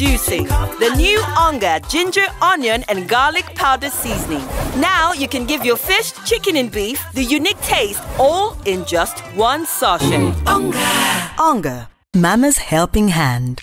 Introducing the new Onga ginger, onion, and garlic powder seasoning. Now you can give your fish, chicken, and beef the unique taste all in just one sachet. Onga! Onga, Mama's helping hand.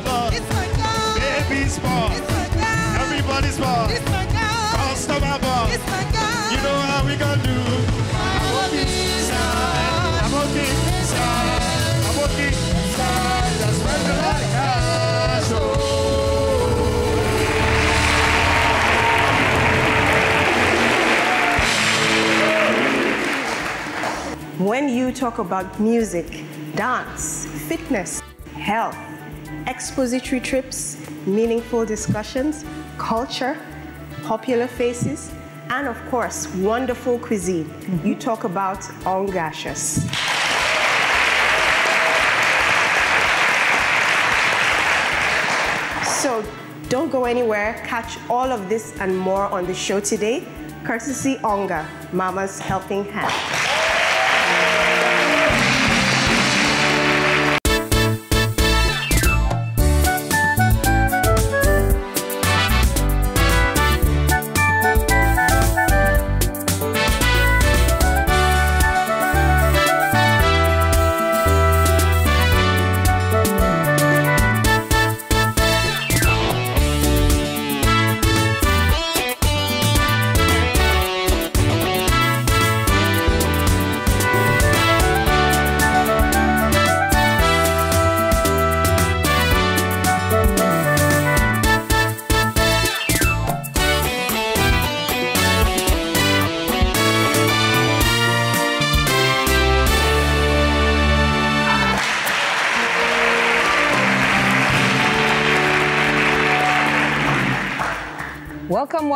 carnival. It's my God. Baby's ball. It's my God. Everybody's ball. It's my God. Customer ball. It's my God. You know how we gonna do. I'm walking inside. I'm walking inside. I'm walking inside. That's where the light has. Oh. When you talk about music, dance, fitness, health, expository trips, meaningful discussions, culture, popular faces, and of course, wonderful cuisine. Mm -hmm. You talk about ongashas. So don't go anywhere. Catch all of this and more on the show today, courtesy Onga, Mama's Helping Hand.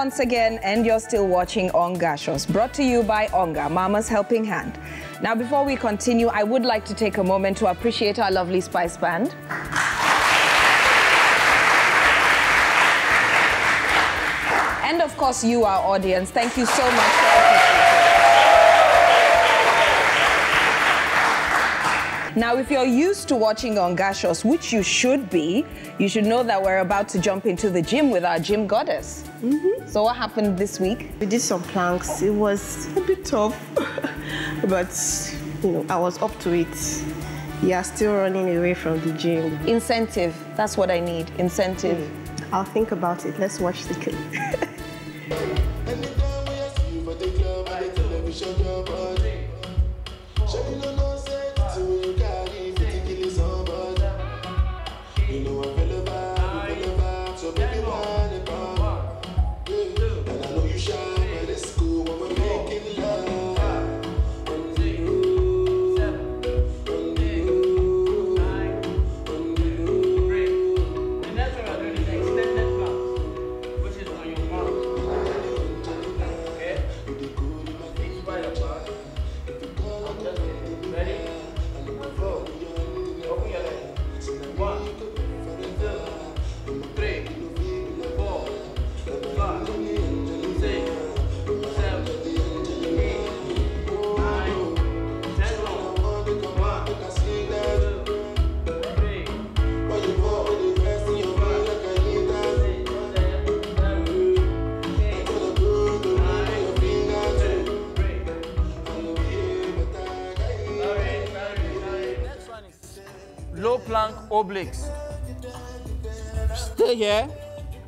once again, and you're still watching Onga Shows, brought to you by Onga, Mama's Helping Hand. Now, before we continue, I would like to take a moment to appreciate our lovely Spice Band. And of course, you, our audience. Thank you so much. Now, if you're used to watching Ongashos, which you should be, you should know that we're about to jump into the gym with our gym goddess. Mm -hmm. So what happened this week? We did some planks. It was a bit tough, but you know, I was up to it. Yeah, still running away from the gym. Incentive. That's what I need. Incentive. Mm. I'll think about it. Let's watch the clip.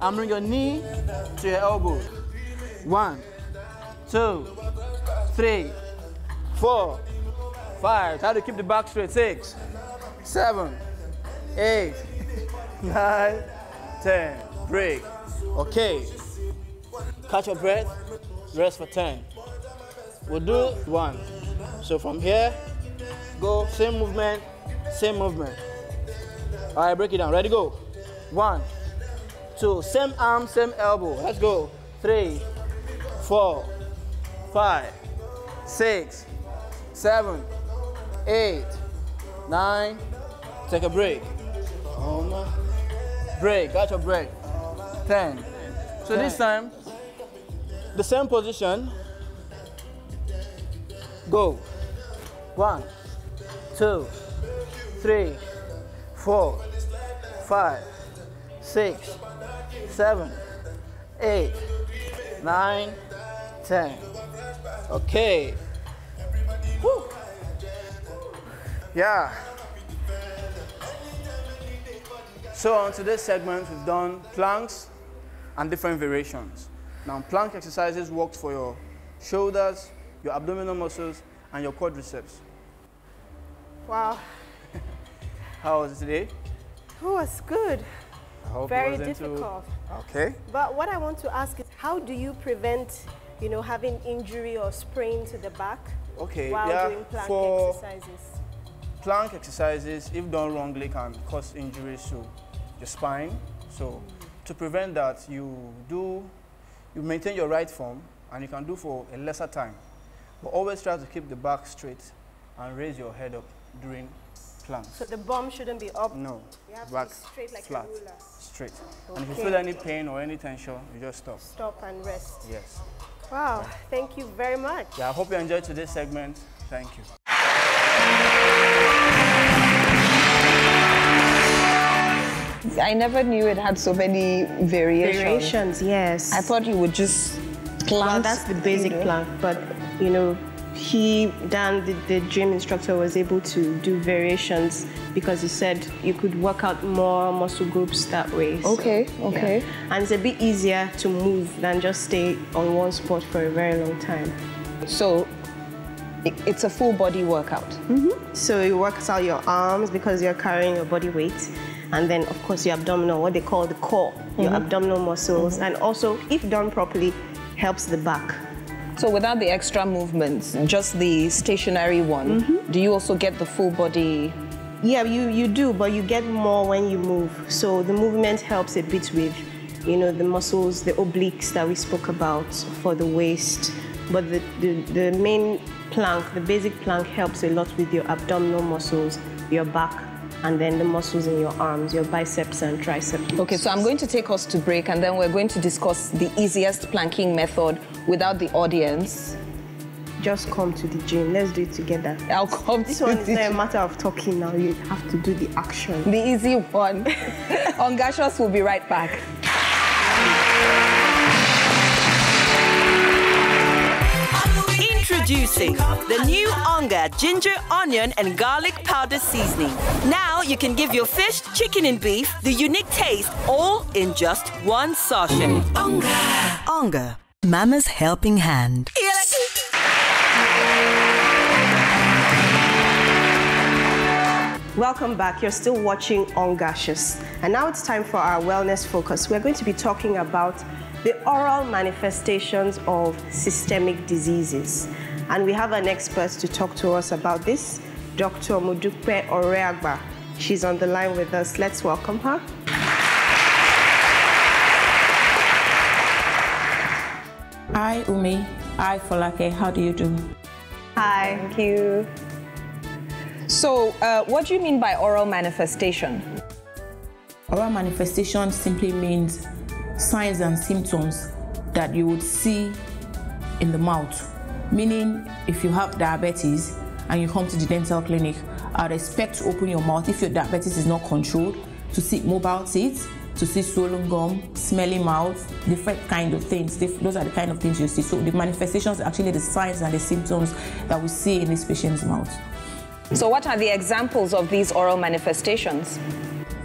and bring your knee to your elbow. One, two, three, four, five. Try to keep the back straight. Six, seven, eight, nine, ten. Break. Okay. Catch your breath. Rest for ten. We'll do one. So from here, go. Same movement. Same movement. All right, break it down. Ready, go. One two. Same arm, same elbow. Let's go. Three, four, five, six, seven, eight, nine. Take a break. Break. Got your break. Ten. So this time, the same position. Go. One, two, three, four, five, six, seven, eight, nine, ten. Okay. Woo. Yeah. So on today's segment, we've done planks and different variations. Now plank exercises works for your shoulders, your abdominal muscles, and your quadriceps. Wow. How was it today? It was good. Very difficult. Okay. But what I want to ask is how do you prevent, you know, having injury or sprain to the back okay, while yeah, doing plank for exercises? Plank exercises, if done wrongly, can cause injuries to the spine. So mm to prevent that, you do, you maintain your right form and you can do for a lesser time. But always try to keep the back straight and raise your head up during so the bomb shouldn't be up? No. You have back, to be straight like flat, a ruler? Straight. Okay. And if you feel any pain or any tension, you just stop. Stop and rest. Yes. Wow, yeah. thank you very much. Yeah, I hope you enjoyed today's segment. Thank you. I never knew it had so many variations. Variations, yes. I thought you would just plant. Well, that's the basic you know. plank, but you know, he, Dan, the, the gym instructor, was able to do variations because he said you could work out more muscle groups that way. So, okay, okay. Yeah. And it's a bit easier to move than just stay on one spot for a very long time. So it's a full body workout. Mm -hmm. So it works out your arms because you're carrying your body weight. And then, of course, your abdominal, what they call the core, mm -hmm. your mm-hmm. abdominal muscles. Mm -hmm. And also, if done properly, helps the back so without the extra movements, just the stationary one, mm -hmm. do you also get the full body? Yeah, you, you do, but you get more when you move. So the movement helps a bit with, you know, the muscles, the obliques that we spoke about for the waist. But the, the, the main plank, the basic plank helps a lot with your abdominal muscles, your back, and then the muscles in your arms, your biceps and triceps. Okay, so I'm going to take us to break and then we're going to discuss the easiest planking method without the audience. Just come to the gym. Let's do it together. I'll come this one is not a matter of talking now. You have to do the action. The easy one. Ongashos will be right back. Introducing the new Onga ginger, onion, and garlic powder seasoning. Now you can give your fish, chicken, and beef the unique taste all in just one sachet. Onga. Onga. Mama's helping hand. Welcome back. You're still watching On Gashes. And now it's time for our wellness focus. We're going to be talking about the oral manifestations of systemic diseases. And we have an expert to talk to us about this, Dr. Mudukpe Oreagba. She's on the line with us. Let's welcome her. Hi, Umi. Hi, Folake. How do you do? Hi. Thank you. So, uh, what do you mean by oral manifestation? Oral manifestation simply means signs and symptoms that you would see in the mouth Meaning, if you have diabetes and you come to the dental clinic, I'd expect to open your mouth if your diabetes is not controlled, to see mobile teeth, to see swollen gum, smelly mouth, different kind of things. Those are the kind of things you see. So the manifestations actually the signs and the symptoms that we see in this patient's mouth. So what are the examples of these oral manifestations?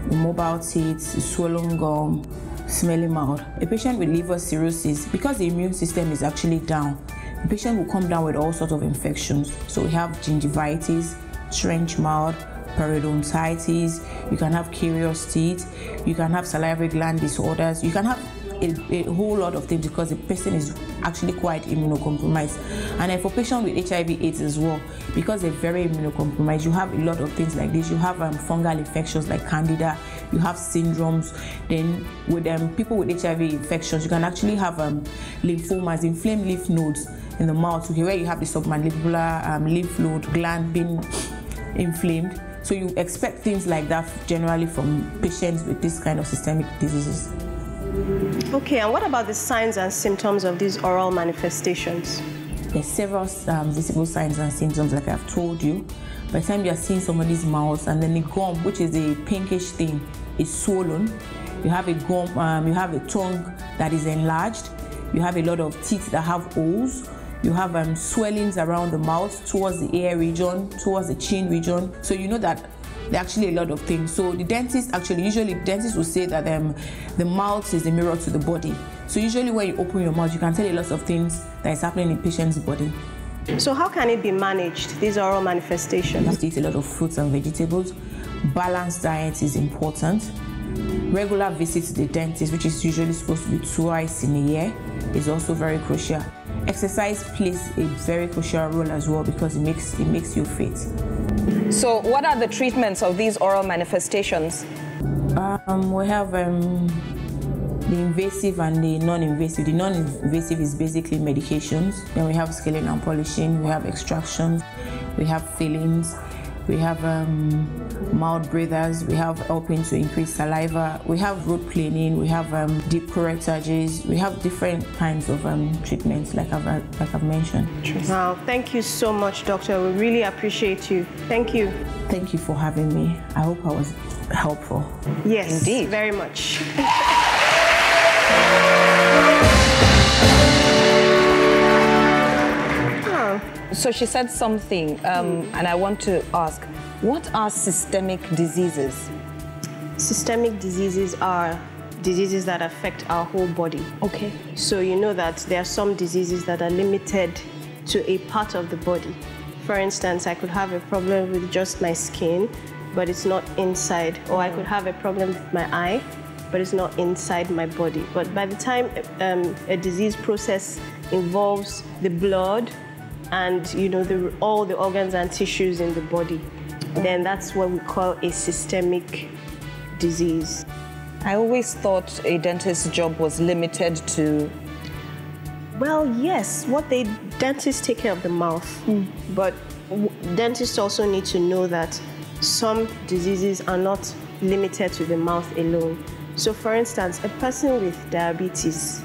The mobile teeth, swollen gum, smelly mouth. A patient with liver cirrhosis, because the immune system is actually down, the patient will come down with all sorts of infections. So we have gingivitis, trench mouth, periodontitis, you can have curious teeth, you can have salivary gland disorders, you can have a, a, whole lot of things because the person is actually quite immunocompromised. And then for patients with HIV AIDS as well, because they're very immunocompromised, you have a lot of things like this. You have um, fungal infections like candida, you have syndromes. Then with um, people with HIV infections, you can actually have um, lymphomas, inflamed lymph nodes in the mouth, okay, where you have the submandibular um, lymph node gland being inflamed. So you expect things like that generally from patients with this kind of systemic diseases. Okay, and what about the signs and symptoms of these oral manifestations? There's several um, visible signs and symptoms, like I've told you. By the time you are seeing somebody's mouth, and then the gum, which is a pinkish thing, is swollen. You have a gum, um, you have a tongue that is enlarged. You have a lot of teeth that have holes you have um, swellings around the mouth, towards the ear region, towards the chin region. So you know that there are actually a lot of things. So the dentist actually, usually dentists will say that um, the mouth is the mirror to the body. So usually when you open your mouth, you can tell a lot of things that is happening in patient's body. So how can it be managed, these oral manifestations? You have to eat a lot of fruits and vegetables. Balanced diet is important. Regular visits to the dentist, which is usually supposed to be twice in a year, is also very crucial. Exercise plays a very crucial role as well because it makes, it makes you fit. So what are the treatments of these oral manifestations? Um, we have um, the invasive and the non-invasive. The non-invasive is basically medications. Then we have scaling and polishing. We have extractions. We have fillings we have um, mild breathers, we have helping to increase saliva, we have root cleaning, we have um, deep correctages, we have different kinds of um, treatments like I've, like I've mentioned. Wow, thank you so much, doctor. We really appreciate you. Thank you. Thank you for having me. I hope I was helpful. Yes, indeed. Very much. So she said something, um, mm. and I want to ask, what are systemic diseases? Systemic diseases are diseases that affect our whole body. Okay. So you know that there are some diseases that are limited to a part of the body. For instance, I could have a problem with just my skin, but it's not inside. Or I could have a problem with my eye, but it's not inside my body. But by the time um, a disease process involves the blood, and you know the, all the organs and tissues in the body, then that's what we call a systemic disease. I always thought a dentist's job was limited to. Well, yes, what they dentists take care of the mouth, mm. but dentists also need to know that some diseases are not limited to the mouth alone. So, for instance, a person with diabetes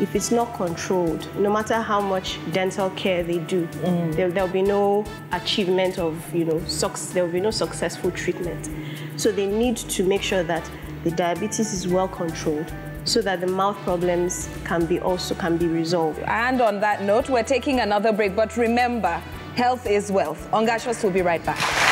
if it's not controlled, no matter how much dental care they do, mm. there, there'll be no achievement of, you know, there'll be no successful treatment. So they need to make sure that the diabetes is well controlled so that the mouth problems can be also can be resolved. And on that note, we're taking another break, but remember, health is wealth. Ongashos will be right back.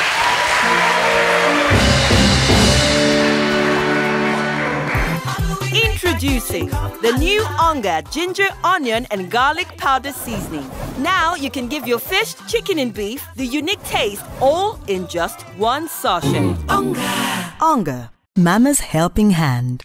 Introducing the new Onga ginger, onion, and garlic powder seasoning. Now you can give your fish, chicken, and beef the unique taste all in just one sachet. Onga. Onga. Mama's helping hand.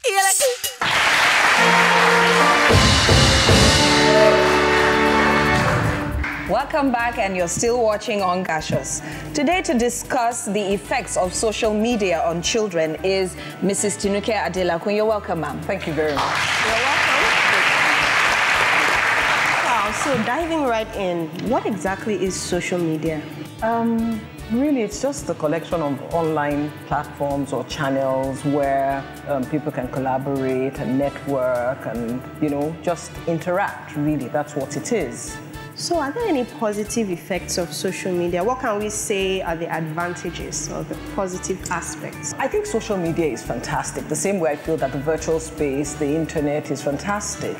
Welcome back and you're still watching on Gashos. Today to discuss the effects of social media on children is Mrs. Tinuke Adela. Kun. You're welcome, ma'am. Thank you very much. You're welcome. Wow, so diving right in, what exactly is social media? Um, really, it's just a collection of online platforms or channels where um, people can collaborate and network and, you know, just interact, really. That's what it is. So are there any positive effects of social media? What can we say are the advantages or the positive aspects? I think social media is fantastic, the same way I feel that the virtual space, the internet is fantastic.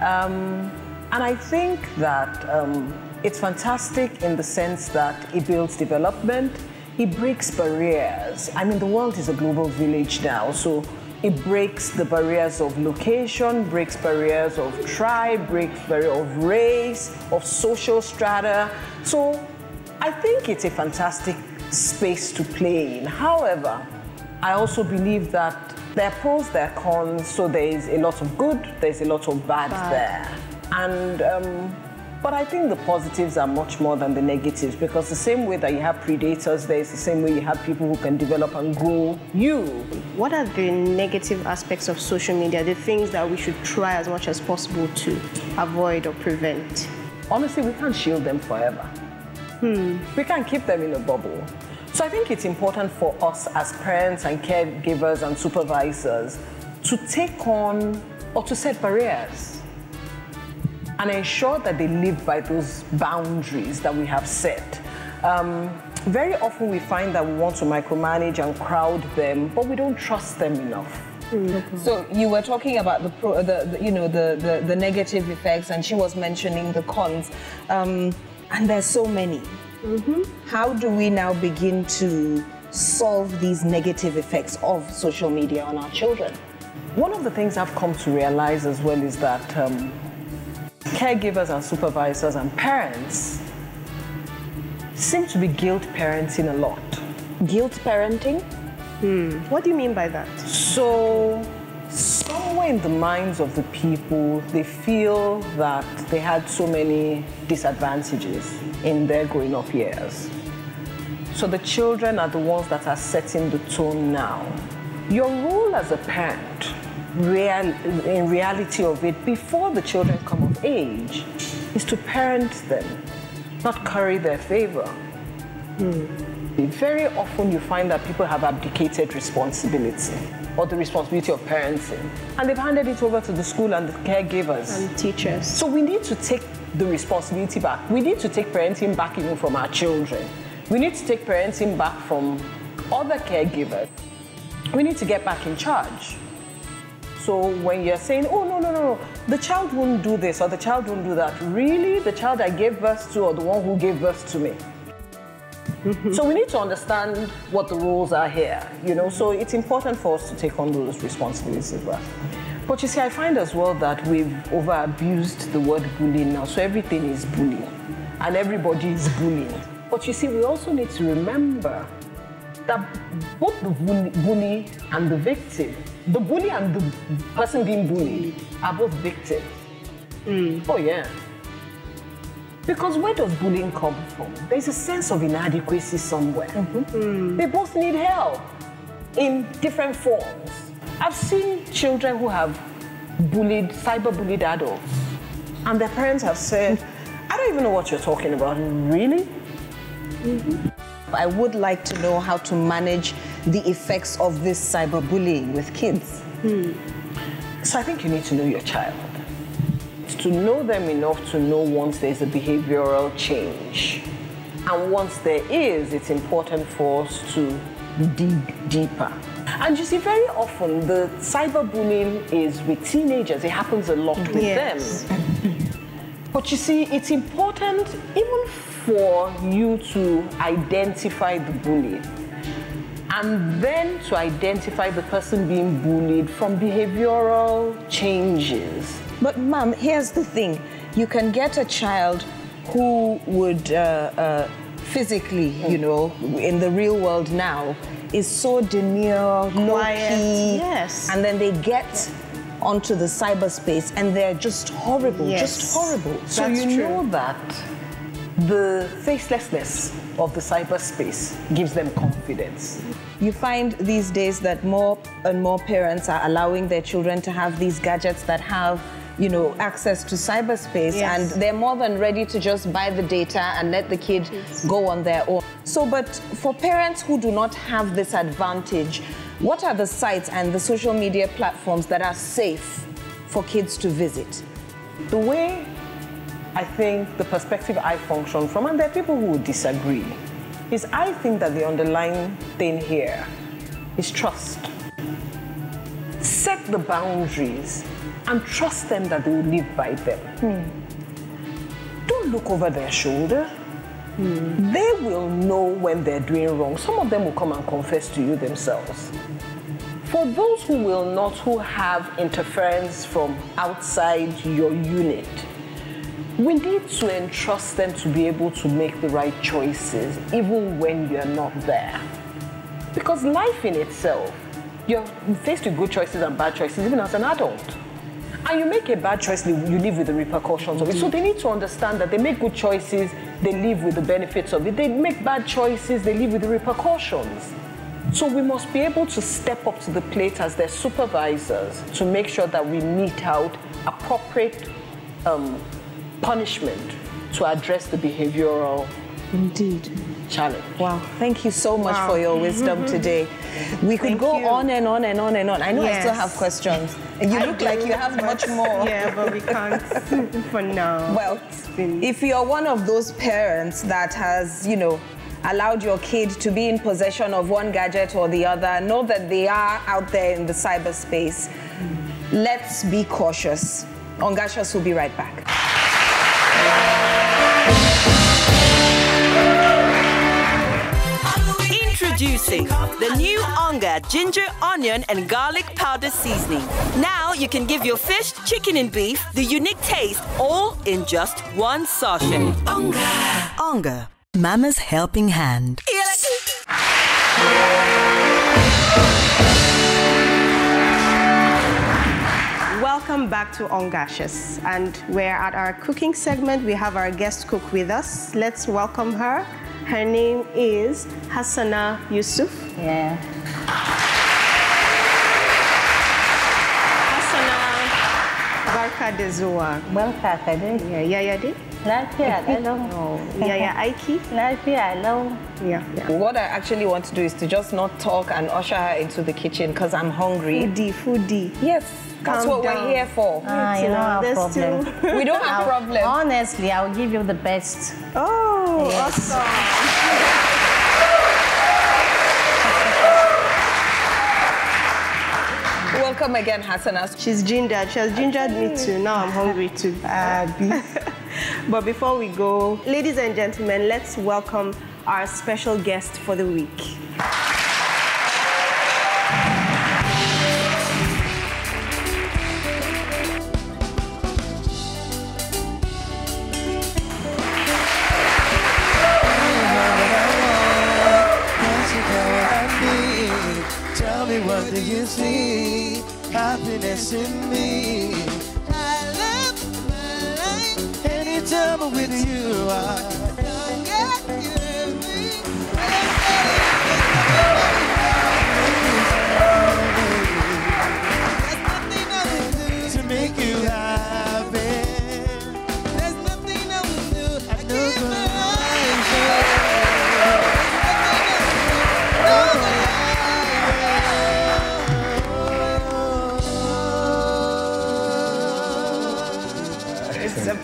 Um, and I think that um, it's fantastic in the sense that it builds development, it breaks barriers. I mean, the world is a global village now, so it breaks the barriers of location, breaks barriers of tribe, breaks barriers of race, of social strata. So I think it's a fantastic space to play in. However, I also believe that there are pros, there are cons, so there is a lot of good, there's a lot of bad, bad. there. And um, but I think the positives are much more than the negatives because the same way that you have predators, there's the same way you have people who can develop and grow you. What are the negative aspects of social media, the things that we should try as much as possible to avoid or prevent? Honestly, we can't shield them forever. Hmm. We can't keep them in a bubble. So I think it's important for us as parents and caregivers and supervisors to take on or to set barriers and ensure that they live by those boundaries that we have set. Um, very often we find that we want to micromanage and crowd them, but we don't trust them enough. Mm-hmm. So you were talking about the, pro, the, the you know the, the, the negative effects, and she was mentioning the cons, um, and there's so many. Mm-hmm. How do we now begin to solve these negative effects of social media on our children? One of the things I've come to realize as well is that um, caregivers and supervisors and parents seem to be guilt parenting a lot. Guilt parenting? Hmm. What do you mean by that? So, somewhere in the minds of the people, they feel that they had so many disadvantages in their growing up years. So the children are the ones that are setting the tone now. Your role as a parent real, in reality of it before the children come of age is to parent them, not curry their favor. Mm. Very often you find that people have abdicated responsibility or the responsibility of parenting and they've handed it over to the school and the caregivers and teachers. So we need to take the responsibility back. We need to take parenting back even from our children. We need to take parenting back from other caregivers. We need to get back in charge. So when you're saying, oh, no, no, no, no, the child won't do this or the child won't do that, really, the child I gave birth to or the one who gave birth to me? Mm-hmm. so we need to understand what the rules are here, you know. So it's important for us to take on those responsibilities as well. But you see, I find as well that we've over abused the word bullying now. So everything is bullying and everybody is bullying. But you see, we also need to remember that both the bully and the victim the bully and the person being bullied are both victims. Mm. Oh, yeah. Because where does bullying come from? There's a sense of inadequacy somewhere. Mm -hmm. mm. They both need help in different forms. I've seen children who have bullied, cyber bullied adults, and their parents have said, mm-hmm. I don't even know what you're talking about. Really? -hmm. I would like to know how to manage the effects of this cyberbullying with kids. Hmm. So I think you need to know your child. To know them enough to know once there's a behavioral change. And once there is, it's important for us to dig deeper. And you see, very often the cyberbullying is with teenagers. It happens a lot with yes. them. But you see, it's important even for you to identify the bully and then to identify the person being bullied from behavioral changes. But, ma'am, here's the thing you can get a child who would uh, uh, physically, mm. you know, in the real world now, is so demure, quiet, yes, and then they get. Yeah. Onto the cyberspace, and they're just horrible, yes. just horrible. So That's you true. know that the facelessness of the cyberspace gives them confidence. You find these days that more and more parents are allowing their children to have these gadgets that have you know, access to cyberspace yes. and they're more than ready to just buy the data and let the kid yes. go on their own. So, but for parents who do not have this advantage, what are the sites and the social media platforms that are safe for kids to visit? The way I think the perspective I function from, and there are people who disagree, is I think that the underlying thing here is trust. Set the boundaries and trust them that they will live by them. Mm. Don't look over their shoulder. Mm. They will know when they're doing wrong. Some of them will come and confess to you themselves. For those who will not, who have interference from outside your unit, we need to entrust them to be able to make the right choices even when you're not there. Because life in itself, you're faced with good choices and bad choices even as an adult. And you make a bad choice, you live with the repercussions of it. So they need to understand that they make good choices, they live with the benefits of it. They make bad choices, they live with the repercussions. So we must be able to step up to the plate as their supervisors to make sure that we mete out appropriate um, punishment to address the behavioral Indeed. Challenge. Wow. Thank you so much wow. for your wisdom mm -hmm. today. We could Thank go you. on and on and on and on. I know yes. I still have questions. You I look like you have much more. Yeah, but we can't for now. Well, if you're one of those parents that has, you know, allowed your kid to be in possession of one gadget or the other, know that they are out there in the cyberspace. Mm. Let's be cautious. Ongashas will be right back. Introducing the new Onga ginger, onion, and garlic powder seasoning. Now you can give your fish, chicken, and beef the unique taste all in just one sachet. Onga. Onga. Mama's helping hand. Welcome back to Ongashes. And we're at our cooking segment. We have our guest cook with us. Let's welcome her. Her name is Hassana Yusuf. Yeah. Hassana Barka Welcome, Yeah, yeah, yeah. Not kalau. I don't know. Yeah. What I actually want to do is to just not talk and usher her into the kitchen because I'm hungry. Foodie, foodie. Yes. That's what down. we're here for. Ah, you know, our problem. we don't have problem. Honestly, I'll give you the best. Oh, yes. awesome. Welcome again, Hassana. She's gingered. She has gingered me too. Now I'm hungry too. Uh, Abby. but before we go, ladies and gentlemen, let's welcome our special guest for the week. what do you see? Happiness in me.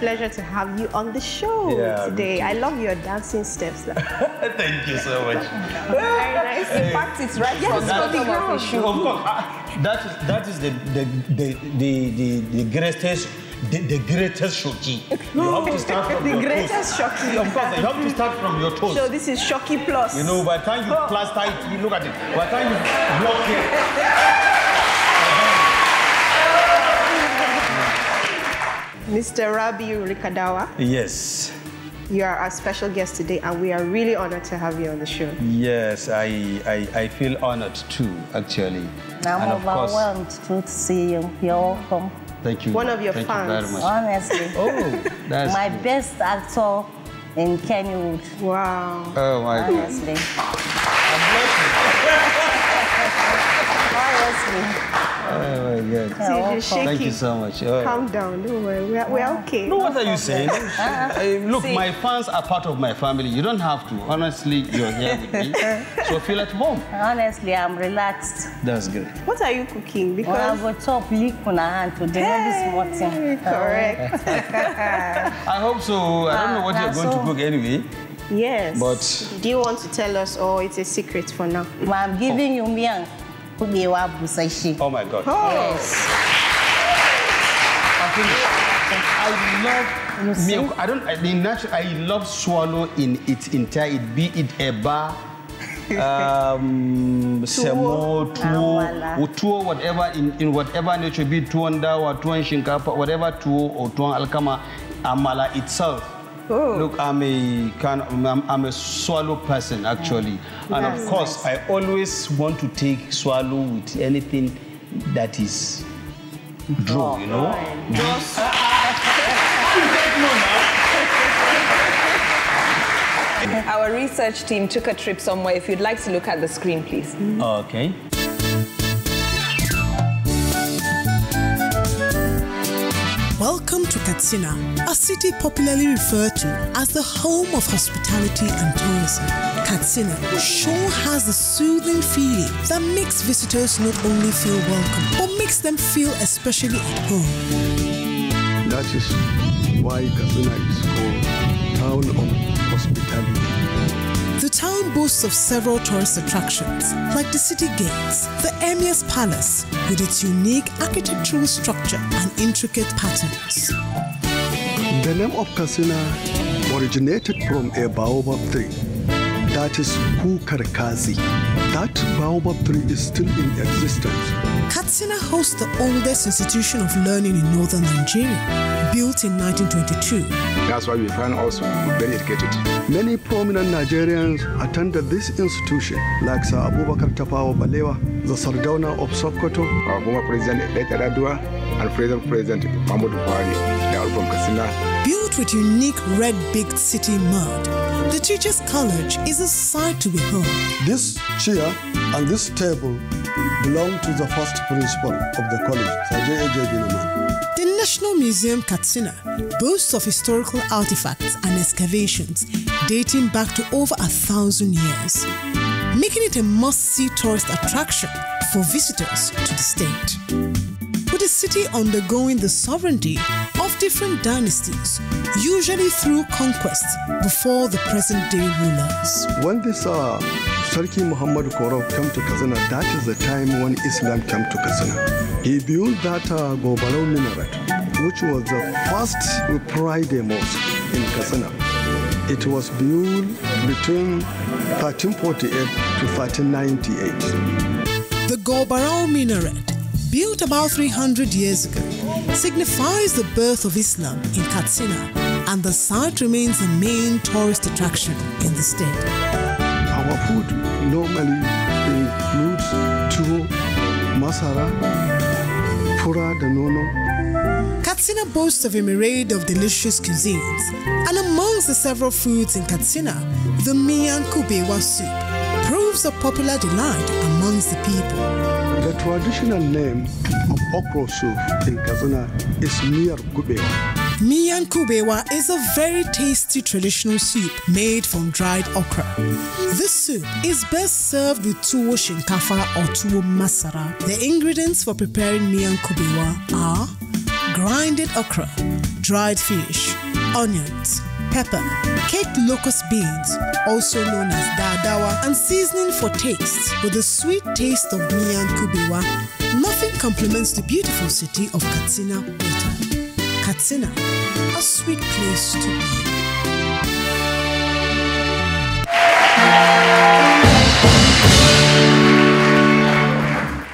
pleasure to have you on the show yeah, today. I love your dancing steps. Thank you so much. Very nice. In fact, it's right yes, from the ground. Of the show. Of course, ah, that is that is the the the the, the, the greatest. The, the greatest shoki. You have to start from the your greatest toes. shoki. Of course, you have to start from your toes. So this is shocky plus. You know, by the time you oh. plaster it, you look at it. By the time you block it. Mr. Rabi Rikadawa. Yes. You are our special guest today, and we are really honored to have you on the show. Yes, I, I, I feel honored too, actually. I'm and overwhelmed course, to see you. You're welcome. Thank you. One of your Thank fans. You Honestly. oh, that's My cool. best actor in Kenwood. Wow. Oh, my Honestly. Oh my God. Thank you so much. Calm down, don't worry. We're, we're okay. No, what are you saying? uh, look, See. my fans are part of my family. You don't have to. Honestly, you're here with me. so feel at home. Honestly, I'm relaxed. That's good. What are you cooking? Because well, I've got top leek on hand today hey, this morning. Correct. I hope so. I don't know what you're ah, going so... to cook anyway. Yes. But do you want to tell us or it's a secret for now? Well, I'm giving oh. you miang. Oh my God. Oh. Yes. I think I love Milk, I don't. I, the natural, I love swallow in its it be it a bar, um, semo, tuo, whatever in, in whatever nature, be it or dawa, tuon whatever two or two alkama, amala itself. Oh. Look, I'm a kind of, I'm, I'm, a swallow person actually, yeah. Mm. and yes. of course I always want to take swallow with anything that is draw, you know. Our research team took a trip somewhere. If you'd like to look at the screen, please. Okay. Katsina, a city popularly referred to as the home of hospitality and tourism. Katsina sure has a soothing feeling that makes visitors not only feel welcome, but makes them feel especially at home. That is why Katsina is called Town of the town boasts of several tourist attractions, like the city gates, the Emir's Palace, with its unique architectural structure and intricate patterns. The name of Kasina originated from a baobab tree, that is Kukarkazi. That baobab tree is still in existence. Katsina hosts the oldest institution of learning in northern Nigeria, built in 1922. That's why we find also very educated. Many prominent Nigerians attended this institution, like Sir Abubakar Tafawa Balewa, the Sardauna of Sokoto, our former president, Late Adua, and present president Mahmoud Buhari. They are from Katsina. Built with unique red-baked city mud, the Teachers College is a sight to behold. This chair and this table belong to the first principal of the college, Sajay The National Museum Katsina boasts of historical artifacts and excavations dating back to over a thousand years, making it a must-see tourist attraction for visitors to the state. With the city undergoing the sovereignty of different dynasties, usually through conquest before the present day rulers. When this uh, Sarki Muhammad Korov came to Kazana, that is the time when Islam came to Kazana. He built that uh, minaret, which was the first Friday mosque in Kazana. It was built between 1348 to 1398. The Gobarao minaret, built about 300 years ago, signifies the birth of Islam in Katsina, and the site remains the main tourist attraction in the state. Our food normally includes tuwo, masara, pura da nono. Katsina boasts of a myriad of delicious cuisines, and amongst the several foods in Katsina, the Miyan Kubewa soup proves a popular delight amongst the people. The traditional name of okra soup in Kazuna is Miyar Kubewa. Miyan Kubewa is a very tasty traditional soup made from dried okra. This soup is best served with tuwo shinkafa or tuwo masara. The ingredients for preparing Miyan Kubewa are grinded okra, dried fish, onions, pepper, cake locust beans, also known as dadawa, and seasoning for taste with the sweet taste of Mian Kubiwa, Nothing complements the beautiful city of Katsina better. Katsina, a sweet place to be.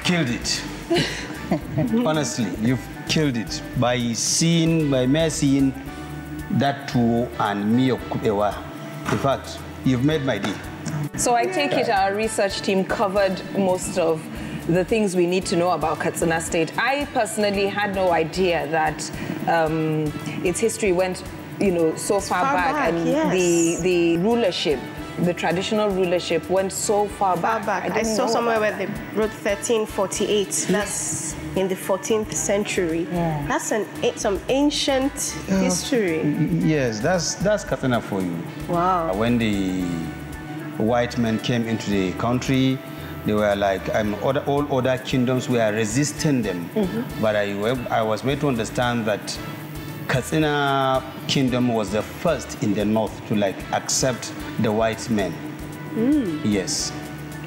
Killed it. Honestly, you've killed it by seeing, by mere seeing that two and me kubewa. In fact, you've made my day. So I take it our research team covered most of the things we need to know about Katsina State. I personally had no idea that um, its history went, you know, so far, far back, back, and yes. the the rulership the traditional rulership went so far back. back. I, I saw somewhere where they wrote 1348. Yes. That's in the 14th century. Yeah. That's an some ancient uh, history. Yes, that's that's Katsina for you. Wow. Uh, when the white men came into the country, they were like, other, all other kingdoms were resisting them. Mm -hmm. But I, I was made to understand that Katsina kingdom was the first in the north to like accept the white men. Mm. Yes.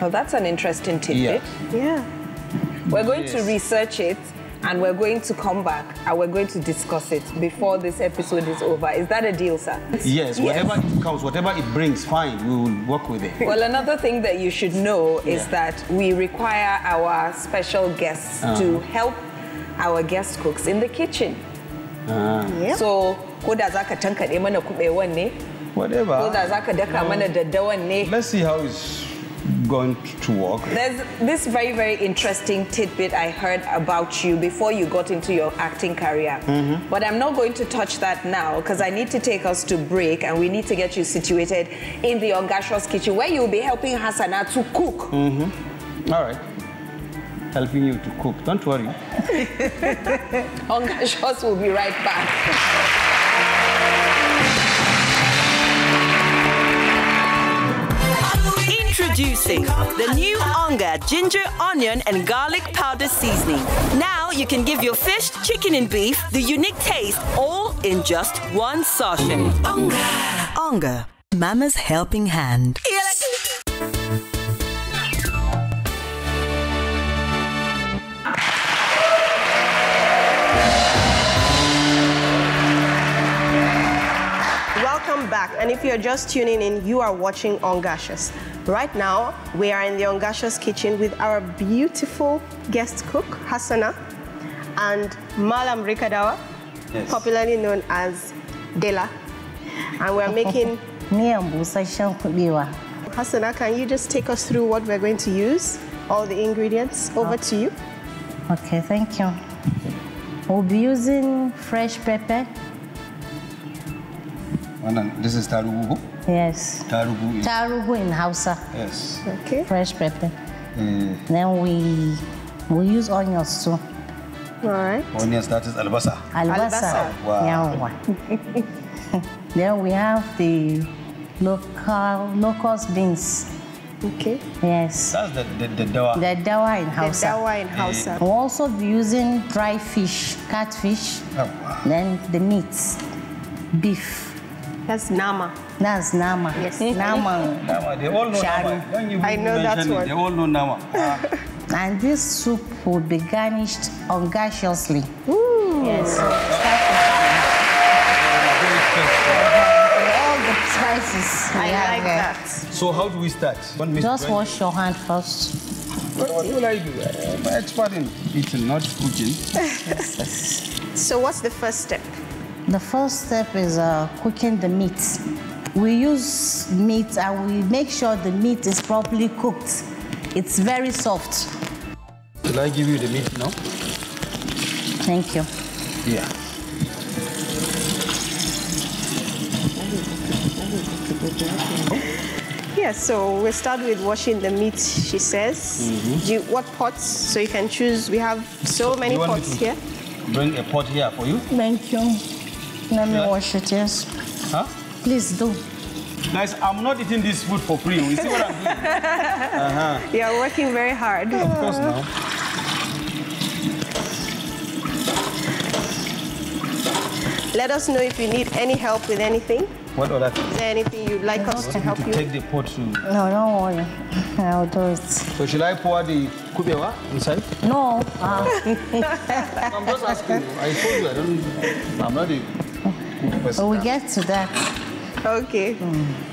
Well, that's an interesting tidbit. Yeah. yeah. We're going yes. to research it and we're going to come back and we're going to discuss it before this episode is over. Is that a deal, sir? Yes, yes. whatever it comes, whatever it brings, fine, we will work with it. Well, another thing that you should know is yeah. that we require our special guests uh -huh. to uh-huh. help our guest cooks in the kitchen. Ah. so ko da zaka ka tankaɗe mana kuɓewan ne whatever ko da zaka ka daka mana daddawan let's see how it's going to work there's this very very interesting tidbit i heard about you before you got into your acting career mm -hmm. but i'm not going to touch that now because i need to take us to break and we need to get you situated in the ongashos kitchen where you'll be helping hasana to cook mm -hmm. all right helping you to cook. Don't worry. Onga Shots will be right back. Introducing the new Onga ginger, onion, and garlic powder seasoning. Now you can give your fish, chicken, and beef the unique taste all in just one sachet. Onga. Onga. Mama's helping hand. back. And if you're just tuning in, you are watching Ongashas. Right now, we are in the Ongashas kitchen with our beautiful guest cook, Hassana, and Malam Rikadawa, yes. popularly known as Dela. And we're making... Hassana, can you just take us through what we're going to use? All the ingredients, over to you. Okay, thank you. We'll be using fresh pepper, this is tarugu? Yes. Tarugu. Is... Tarugu in Hausa. Yes. Okay. Fresh pepper. Eh. Then we we use onions too. All right. Onions, that is albasa. Albasa. albasa. Wow. Yeah. then we have the local locust beans. Okay. Yes. That's the, the, the dawa. The dawa in Hausa. The dawa in Hausa. Eh. we also using dry fish, catfish, oh, wow. then the meats, beef. That's Nama. That's Nama. Yes. Nama. Nama. They all know Sharu. Nama. I know that one. They all know Nama. Ah. and this soup will be garnished ungraciously. Ooh. Yes. All the spices. I like that. So how do we start? Just wash your hand first. What, will I do? I'm uh, expert in eating, not cooking. so what's the first step? The first step is uh, cooking the meat. We use meat and we make sure the meat is properly cooked. It's very soft. Shall I give you the meat now? Thank you. Yeah. Yeah, so we will start with washing the meat, she says. Mm -hmm. you, what pots? So you can choose. We have so many pots here. Bring a pot here for you. Thank you. Let me wash it, yes. Huh? Please do. Guys, I'm not eating this food for free. You see what I'm doing? uh -huh. You're working very hard. Of course now. Let us know if you need any help with anything. What other things? Is there anything you'd like us to help you? Take the pot to. No, don't worry. I'll do it. So should I pour the kubewa inside? No. I'm just asking. I told you I don't. I'm not Oh, we get to that. Okay. Mm.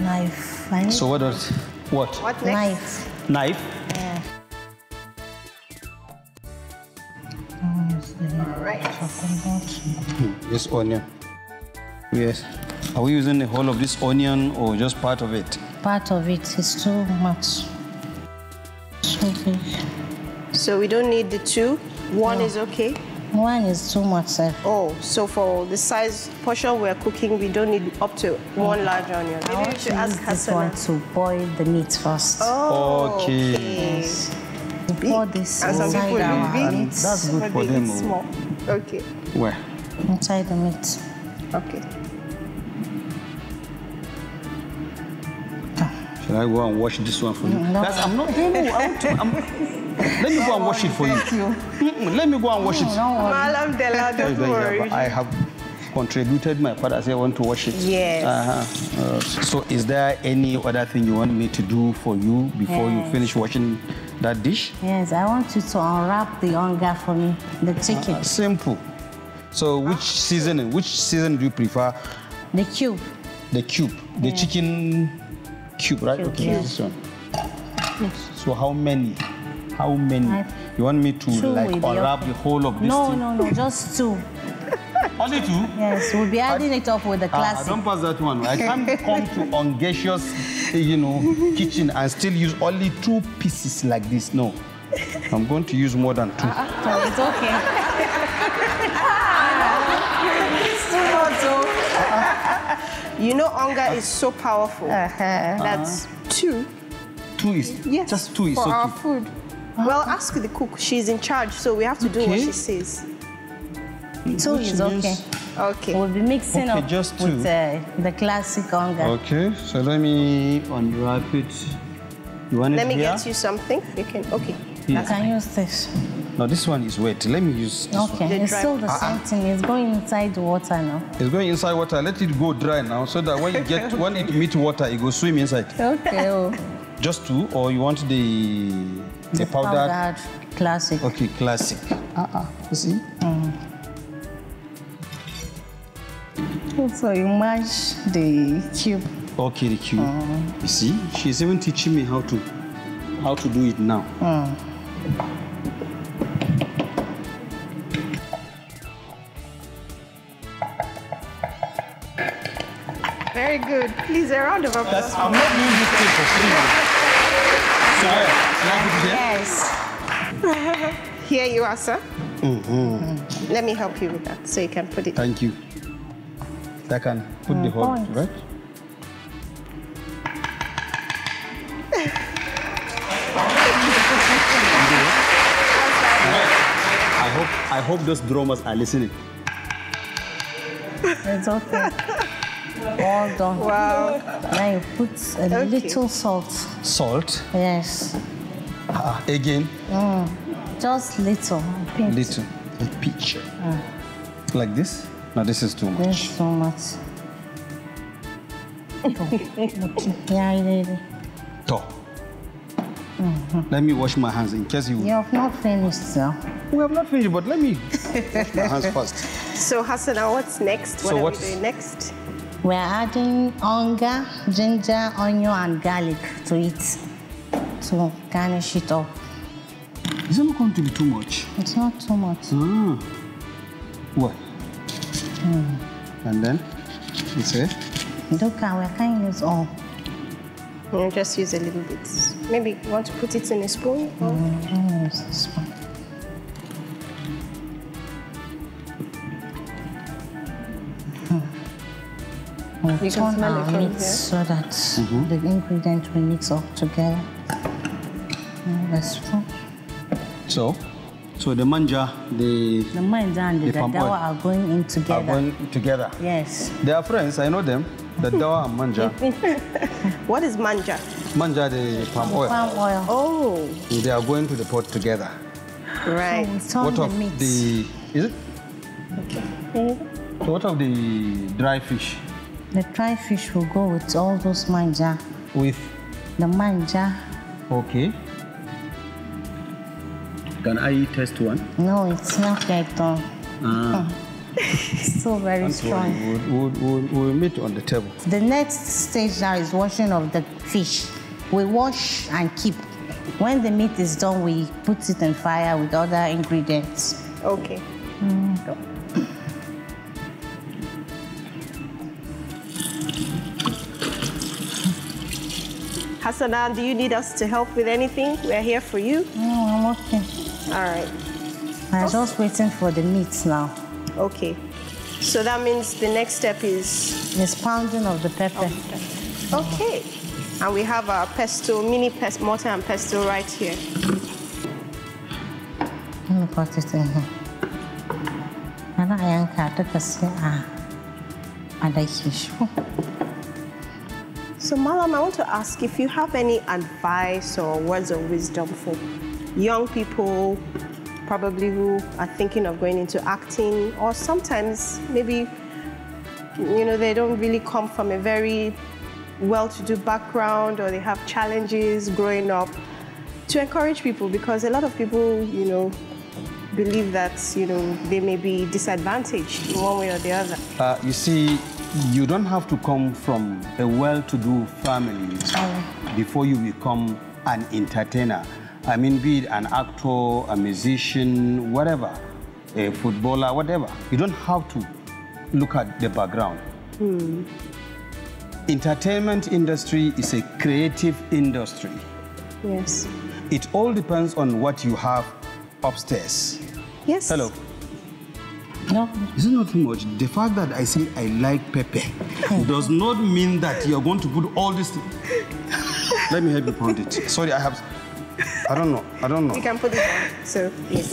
Knife. So what does what? What next? Knife. Knife. Yeah. All right. This onion. Yes. Are we using the whole of this onion or just part of it? Part of it. It's too much. Okay. So we don't need the two? One no. is okay? One is too much, sir. Oh, so for the size portion we're cooking, we don't need up to mm. one large onion. Maybe I want we should ask this Hasana. one to boil the meat first. Oh, okay. okay. Yes. Pour this and inside some people our meat. That's good for them. Small. Oh. Okay. Where? Inside the meat. Okay. I go and wash this one for you. Mm, no. That's, I'm not, no, I want to, I'm, let me go and wash it for you. Mm, let me go and wash it. No, Alhamdulillah, don't worry. I have contributed my part say I want to wash it. Yes. Uh -huh. uh, so is there any other thing you want me to do for you before yes. you finish washing that dish? Yes, I want you to unwrap the onga for me, the uh, chicken. Uh, simple. So which season, which season do you prefer? The cube. The cube. The yes. chicken cube, right? Cube. Okay, yeah. this one. Yes. So how many? How many? I've you want me to like unwrap the whole of this? No, thing? no, no, just two. Only two? Yes, we'll be adding I, it up with the ah, classic. Uh, don't pass that one. I can't come to ungracious, you know, kitchen and still use only two pieces like this. No. I'm going to use more than two. Uh, ah, no, ah, it's okay. it's too much, oh. You know, anger is so powerful. Uh -huh. That's uh-huh. two. Two is yes, just two is for okay. our food. Well, ask the cook. She's in charge, so we have to okay. do what she says. Two Which is okay. Okay. We'll be mixing okay, up just two. with uh, the classic anger. Okay, so let me unwrap it. You want let it Let me here? get you something. You can, okay. Yes. I can use this. No, this one is wet. Let me use Okay, one. it's still the ah, ah. same uh thing. It's going inside water now. It's going inside water. Let it go dry now so that when you get when it meet water, it go swim inside. Okay. Oh. Just two, or you want the the, the powdered classic. Okay, classic. Uh-uh. You see? Mm. So you mash the cube. Okay, the cube. Mm. You see, she's even teaching me how to how to do it now. Mm. Very good. Please, a round of applause. I'm not music people, please. Sorry. Yes. Here you are, sir. Mm -hmm. Let me help you with that so you can put it. Thank you. I can put mm, the whole, right? I hope those drummers are listening. It's okay. All done. Wow. Now you put a okay. little salt. Salt? Yes. Uh, again? Mm. Just little. Pinch. Little. A pinch. Mm. Like this? Now this is too much. This is too much. yeah, really. Top. -hmm. Let me wash my hands in case you... You have not finished, sir. We have not finished, but let me wash my hands first. So, Hassana, what's next? What so are we doing next? We're adding onga, ginger, onion, and garlic to it to garnish it up. Is it not going to be too much? It's not too much. Mm. What? Mm. And then, you say? Look, we can use all. We'll mm, just use a little bit. Maybe you want to put it in a spoon? Or... Mm, -hmm. spoon. We'll you turn can our mix here. so that mm -hmm. the ingredients will mix up together. Hmm, that's spoon. So, so the manja, the the manja and the, the are going in together. Are going together. Yes. They are friends. I know them. The dawa and manja. what is manja? manja the palm oil. Palm oil. Oh. They are going to the pot together. Right. So what of the, the is it? Okay. So what of the dry fish? The dry fish will go with all those manja. With? The manja. Okay. Can I taste one? No, it's not yet done. Ah. Oh. so very That's strong. We'll, we'll, we'll, we'll meet on the table. The next stage now is washing of the fish. We wash and keep. When the meat is done, we put it in fire with other ingredients. Okay. Mm. do you need us to help with anything? We're here for you. No, I'm okay. All right. I'm just waiting for the meat now. Okay. So that means the next step is? Is pounding of the pepper. Of the pepper. Okay. And we have our pesto, mini pest, mortar and pesto right here. I'm put this in here. Ana yanka duka sai a a dake ah, So Malam, I want to ask if you have any advice or words of wisdom for young people probably who are thinking of going into acting or sometimes maybe you know they don't really come from a very well-to-do background or they have challenges growing up to encourage people because a lot of people, you know, believe that, you know, they may be disadvantaged in one way or the other. Uh, you see, you don't have to come from a well-to-do family oh. before you become an entertainer. I mean, be it an actor, a musician, whatever, a footballer, whatever. You don't have to look at the background. Hmm entertainment industry is a creative industry. Yes. It all depends on what you have upstairs. Yes. Hello. No. This is not much. The fact that I say I like pepper does not mean that you're going to put all this. Let me help you put it. Sorry, I have. I don't know. I don't know. You can put it on. So, yes.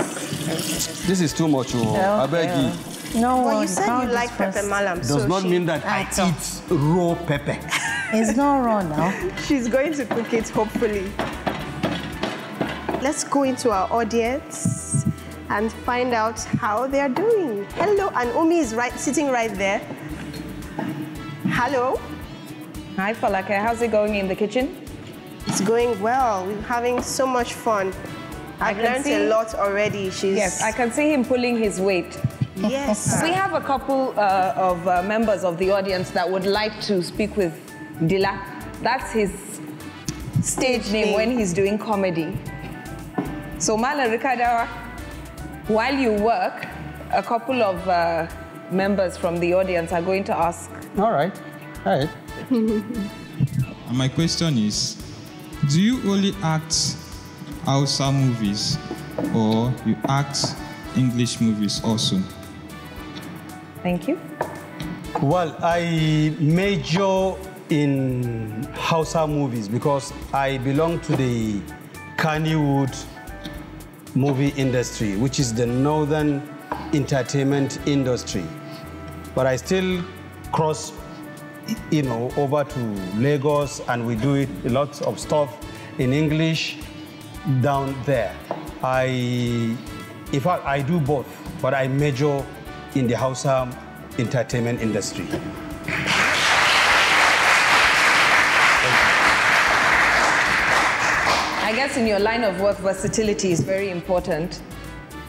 This is too much. Oh. I beg you. No, well, you said you like pepper malam. Does not mean that I, I eat raw pepper. it's not raw now. She's going to cook it, hopefully. Let's go into our audience and find out how they are doing. Hello, and Umi is right, sitting right there. Hello. Hi, Falake. How's it going in the kitchen? It's going well. We're having so much fun. I've learned see, a lot already. She's... Yes, I can see him pulling his weight. Yes. we have a couple uh, of uh, members of the audience that would like to speak with Dila. That's his stage, name when he's doing comedy. So Mala Rikadawa, while you work, a couple of uh, members from the audience are going to ask. All right. All right. My question is, do you only act Hausa movies or you act English movies also? Thank you. Well, I major in Hausa movies because I belong to the Kannywood movie industry, which is the northern entertainment industry. But I still cross, you know, over to Lagos and we do it, lots of stuff in English down there. I, in fact, I do both, but I major in the Hausa entertainment industry. I guess in your line of work, versatility is very important.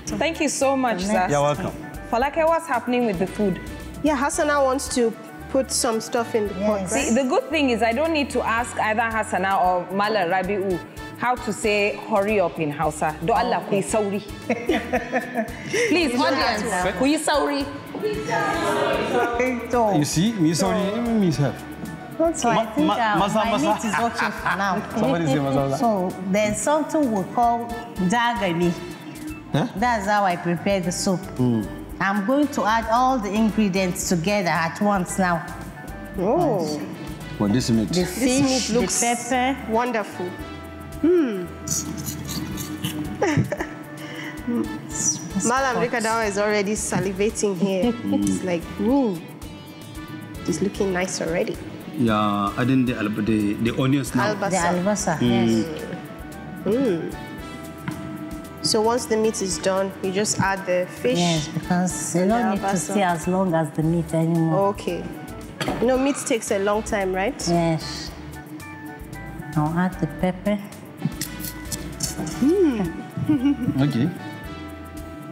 Thank you so much, sir. You're welcome. Falake, what's happening with the food? Yeah, Hassana wants to put some stuff in the yes. pot. See, the good thing is I don't need to ask either Hassana or Mala Rabiu how to say hurry up in Hausa. Do Allah, oh, okay. please, sauri. please, audience, kuyi sauri. You see, kuyi sauri even means So I think ma uh, masa, my masa. meat is working for now. Somebody say So there's something we call dagani. Huh? That's how I prepare the soup. Mm. I'm going to add all the ingredients together at once now. Oh. Well, this meat. The this meat looks the pepper. wonderful. Hmm. Malam Rikadawa is already salivating here. Mm. it's like, ooh, hmm, it's looking nice already. Yeah, I didn't the, the, the onions now. Albasa. The albasa, mm. yes. Hmm. So once the meat is done, you just add the fish. Yes, because you don't need to stay as long as the meat anymore. Okay. You know, meat takes a long time, right? Yes. Now add the pepper. Mm. okay.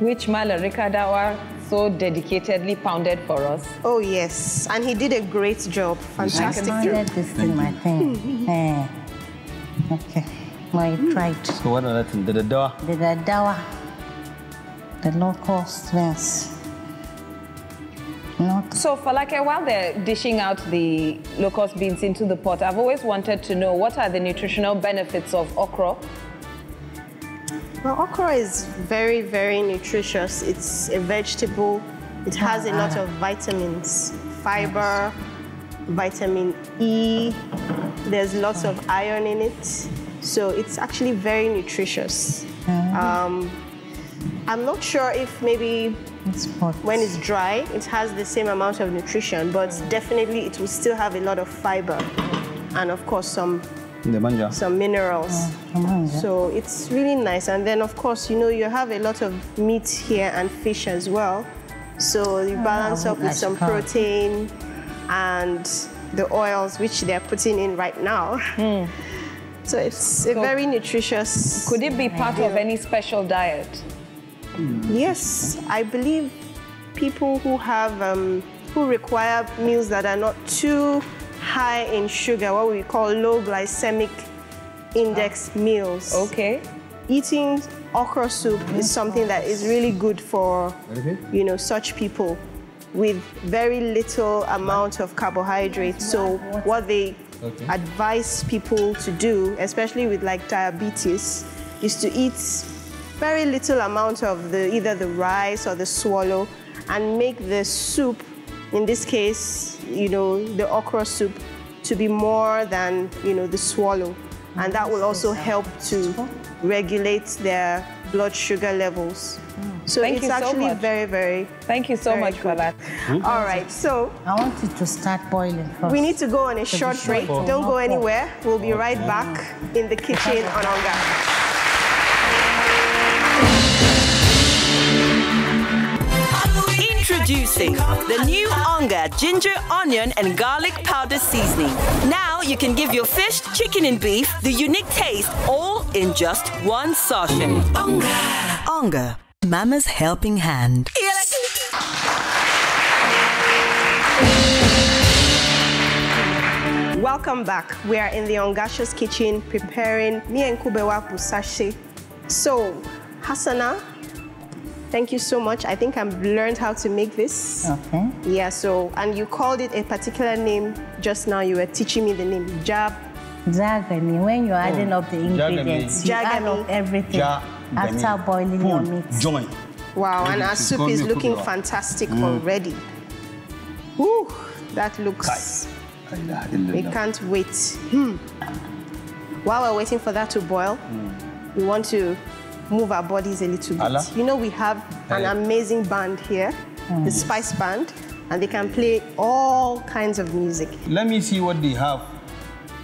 Which Marlon Ricardawa so dedicatedly pounded for us. Oh, yes. And he did a great job. Fantastic. I this thing, my thing. eh. Okay. My mm. tried. So what other thing? The dadawa? The Dawa? The low-cost vents. Not. So, Falake, while they're dishing out the locust beans into the pot, I've always wanted to know what are the nutritional benefits of okra okra is very, very nutritious. It's a vegetable. It has a lot of vitamins, fiber, vitamin E. There's lots of iron in it. So it's actually very nutritious. Um, I'm not sure if maybe it's when it's dry, it has the same amount of nutrition, but definitely it will still have a lot of fiber and of course some some minerals. so it's really nice. And then, of course, you know, you have a lot of meat here and fish as well. So you ah, balance oh, up with some protein and the oils which they're putting in right now. Mm. So it's a very nutritious. Could it be part of any special diet? Mm. Yes, I believe people who have um, who require meals that are not too high in sugar, what we call low glycemic index ah. meals. Okay. Eating okra soup is mm-hmm. something that is really good for, you know, such people with very little amount of carbohydrates. So what they okay. advise people to do, especially with like diabetes, is to eat very little amount of the either the rice or the swallow and make the soup, in this case, you know, the okra soup to be more than, you know, the swallow. And that will also help to regulate their blood sugar levels. Mm. So Thank it's actually so very, very. Thank you so much good. for that. Hmm? All right, so. I want it to start boiling first. We need to go on a short break. Don't go anywhere. We'll be okay. right back in the kitchen on Onga. Introducing the new Onga ginger, onion, and garlic powder seasoning. Now you can give your fish, chicken, and beef the unique taste all in just one sachet. Onga. Onga. Mama's helping hand. Welcome back. We are in the Ongasho's kitchen preparing Kubewa Pusashi. So, Hasana, Thank you so much. I think I've learned how to make this. Okay. Yeah, so, and you called it a particular name just now. You were teaching me the name, Jab. Jagami. when you're oh. adding oh, up the ingredients, jagami. you add up everything after boiling Pull. your meat. Join. Wow, and, and our soup is looking fantastic mm. already. Woo! that looks... We can't wait. Hmm. While we're waiting for that to boil, mm. we want to move our bodies a little bit. Allah. You know, we have an amazing band here, mm. the Spice Band, and they can play all kinds of music. Let me see what they have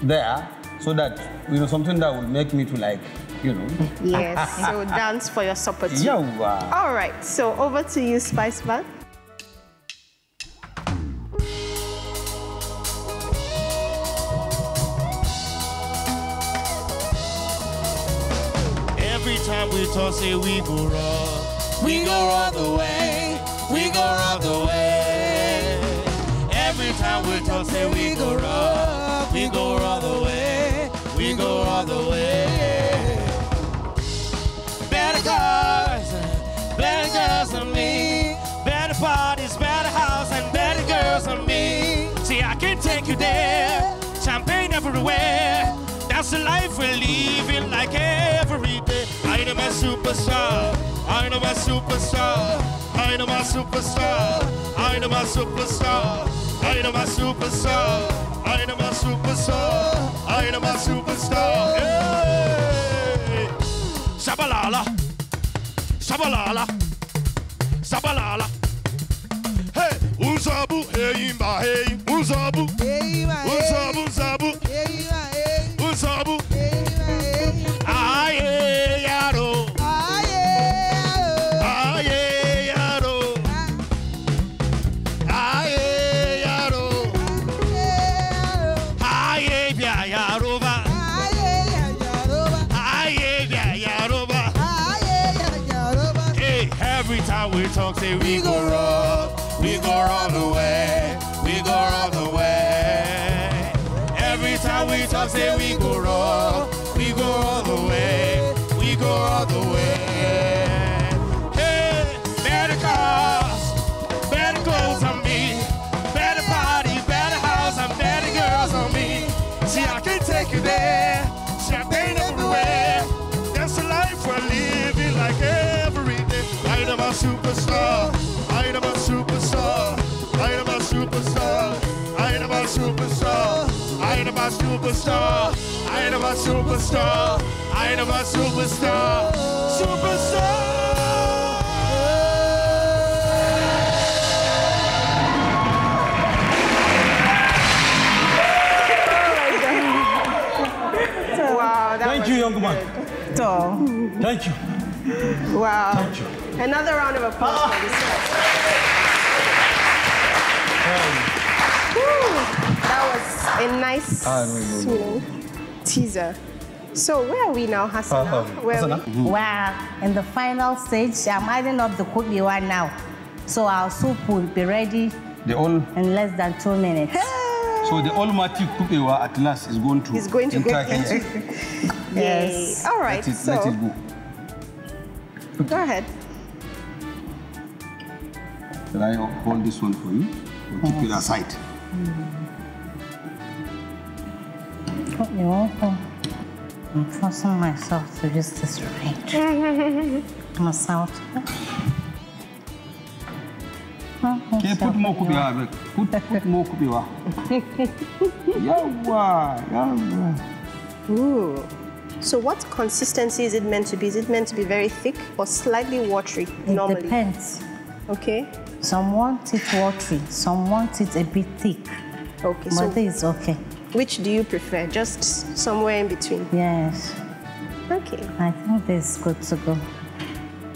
there so that, you know, something that will make me to like, you know. Yes, so dance for your supper too. Yeah. All right, so over to you, Spice Band. time we talk, say we go rock. We go all the way, we go all the way. Every time we talk, say we go rock. We go all the way, we go all the way. Better cars, better girls than me. Better parties, better house, and better girls than me. See, I can take you there. Champagne everywhere. That's the life we're living like every day. I know my superstar. I know my superstar. I know my superstar. I know my superstar. I know my superstar. I know my superstar. I know my superstar. Sabalala. Sabalala. Sabalala. Hey, Uzabu, hey, Imba, hey, Uzabu, eu encontro. of our superstar. I ain't our superstar. I ain't our superstar. Superstar. Wow, Thank you, young man. So. Thank you. Wow. Thank you. Another round of applause for this. a nice you know, teaser. So where are we now, Hassan? Uh, um, where are we? Mm -hmm. We're in the final stage. I'm adding up the kubiwa now. So our soup will be ready the all in less than two minutes. So the all almighty kubewa at last is going to, is going to enter yes. All right. Let it, so let it go. Go ahead. Can I hold this one for you? We'll keep yes. it aside. Mm -hmm put me over. I'm forcing myself to use this right. Massage. ke put mo kubewa ba put put mo kubewa yawa yawa ooh so what consistency is it meant to be is it meant to be very thick or slightly watery it normally depends okay some want it watery some want it a bit thick okay but so this is okay which do you prefer? Just somewhere in between? Yes. Okay. I think this is good to go.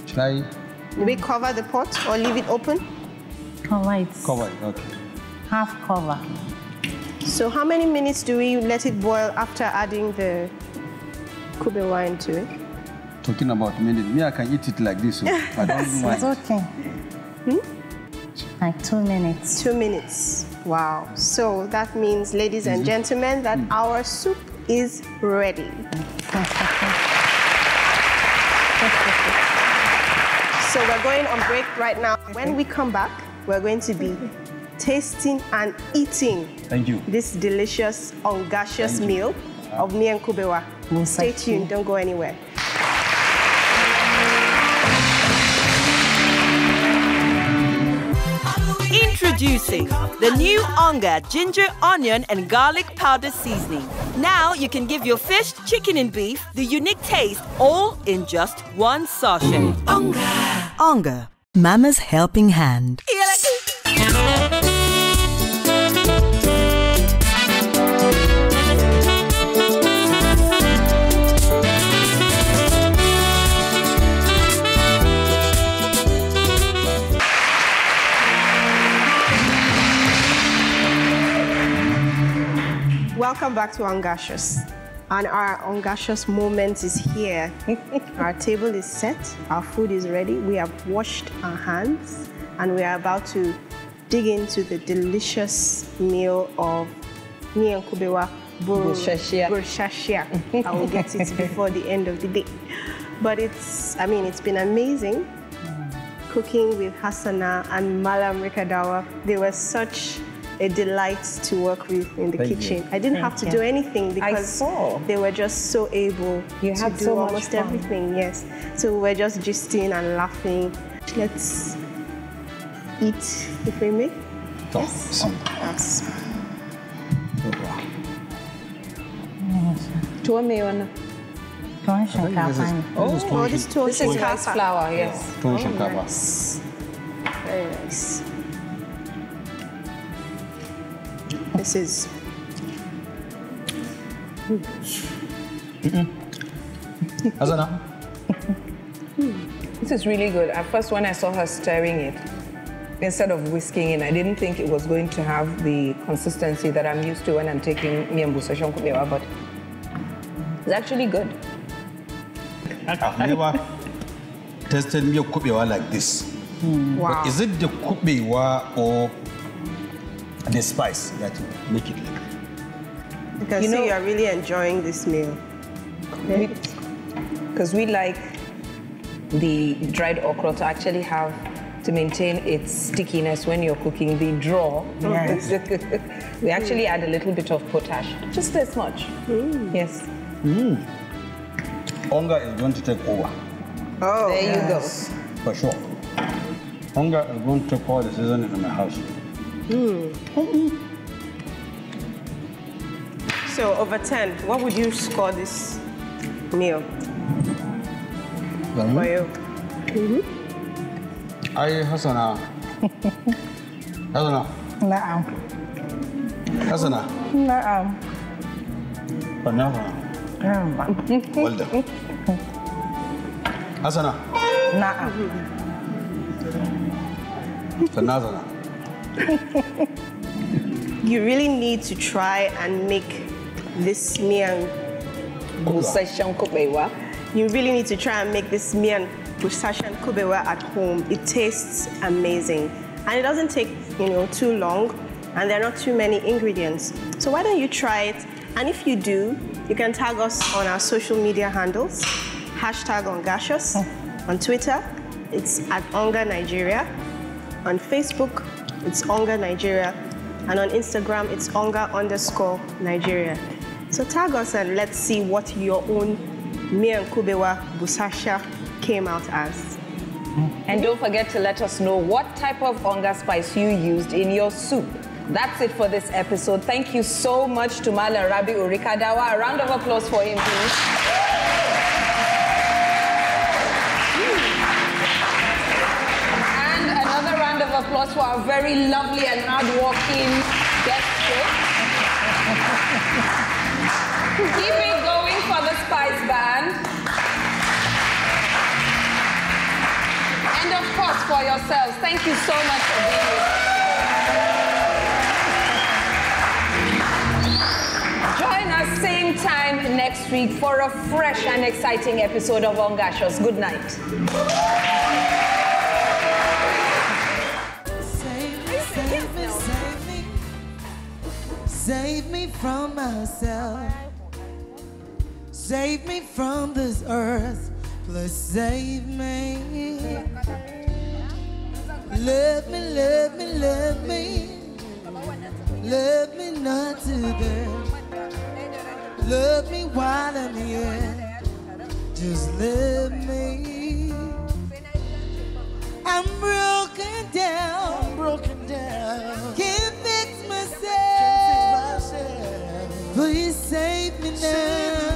Should I? Do we cover the pot or leave it open? Cover it. Cover it, okay. Half cover. So how many minutes do we let it boil after adding the kube wine to it? Talking about minutes, me, I can eat it like this, so oh. I don't mind. It's okay. Hmm? Like two minutes. Two minutes. Wow. So that means, ladies mm -hmm. and mm-hmm. gentlemen, that mm. our soup is ready. so we're going on break right now. When we come back, we're going to be tasting and eating Thank you. this delicious, ungaseous meal of me and Kubewa. Stay tuned, don't go anywhere. Introducing the new Onga ginger, onion, and garlic powder seasoning. Now you can give your fish, chicken, and beef the unique taste all in just one sachet. Onga. Onga. Mama's helping hand. Welcome back to Ungashus. And our Ungashus moment is here. our table is set, our food is ready, we have washed our hands, and we are about to dig into the delicious meal of Nyankubewa Burshashia. Burshashia. I will get it before the end of the day. But it's, I mean, it's been amazing mm. cooking with Hassana and Malam Rikadawa. They were such a delight to work with in the Thank kitchen. You. I didn't Thank have to you. do anything because they were just so able you to do so almost everything. Yes. So we were just gisting and laughing. Let's eat, if we may. Yes. Yes. Tuome Oh, this is, oh, flour, yes. Tuan Nice. Very nice. this is. Mm-mm. How's that? now? this is really good. At first, when I saw her stirring it, instead of whisking in, I didn't think it was going to have the consistency that I'm used to when I'm taking miambusa shankumewa, but it's actually good. I've never tasted miyo like this. Mm. Wow. But is it the kubewa or the spice that will make it like that. You can see know, you are really enjoying this meal. Because we, we like the dried okra to actually have to maintain its stickiness when you're cooking the draw. Yes. we actually mm. add a little bit of potash, just this much. Mm. Yes. Mm. Onga is going to take over. Oh, there yes. you go. For sure. Onga is going to take over the seasoning in my house. Hmm. So over 10, what would you score this meal for you? Mm -hmm. I Hassana. Hassana. Na'am. Hassana. Na'am. Banana. Walda. Hassana. Na'am. Banana. you really need to try and make this mian kobe kubewa. You really need to try and make this mian kobe kubewa at home. It tastes amazing. And it doesn't take, you know, too long and there are not too many ingredients. So why don't you try it? And if you do, you can tag us on our social media handles, hashtag on Gashos, hmm. on Twitter, it's at Onga Nigeria, on Facebook, it's Onga Nigeria. And on Instagram, it's Onga underscore Nigeria. So tag us and let's see what your own me and Kubewa Busasha came out as. And don't forget to let us know what type of onga spice you used in your soup. That's it for this episode. Thank you so much to Malan Rabi Urikadawa. A round of applause for him, please. of applause for our very lovely and hardworking guest cook. Keep it going for the Spice Band. And of course, for yourselves. Thank you so much for being here. Join us same time next week for a fresh and exciting episode of Ongashos. Good night. Save me from myself. Save me from this earth. Please save me. Love me, love me, love me. Love me not to death. Love me while I'm here. Just love me. I'm broken down. I'm broken down. Please save me now. Save me.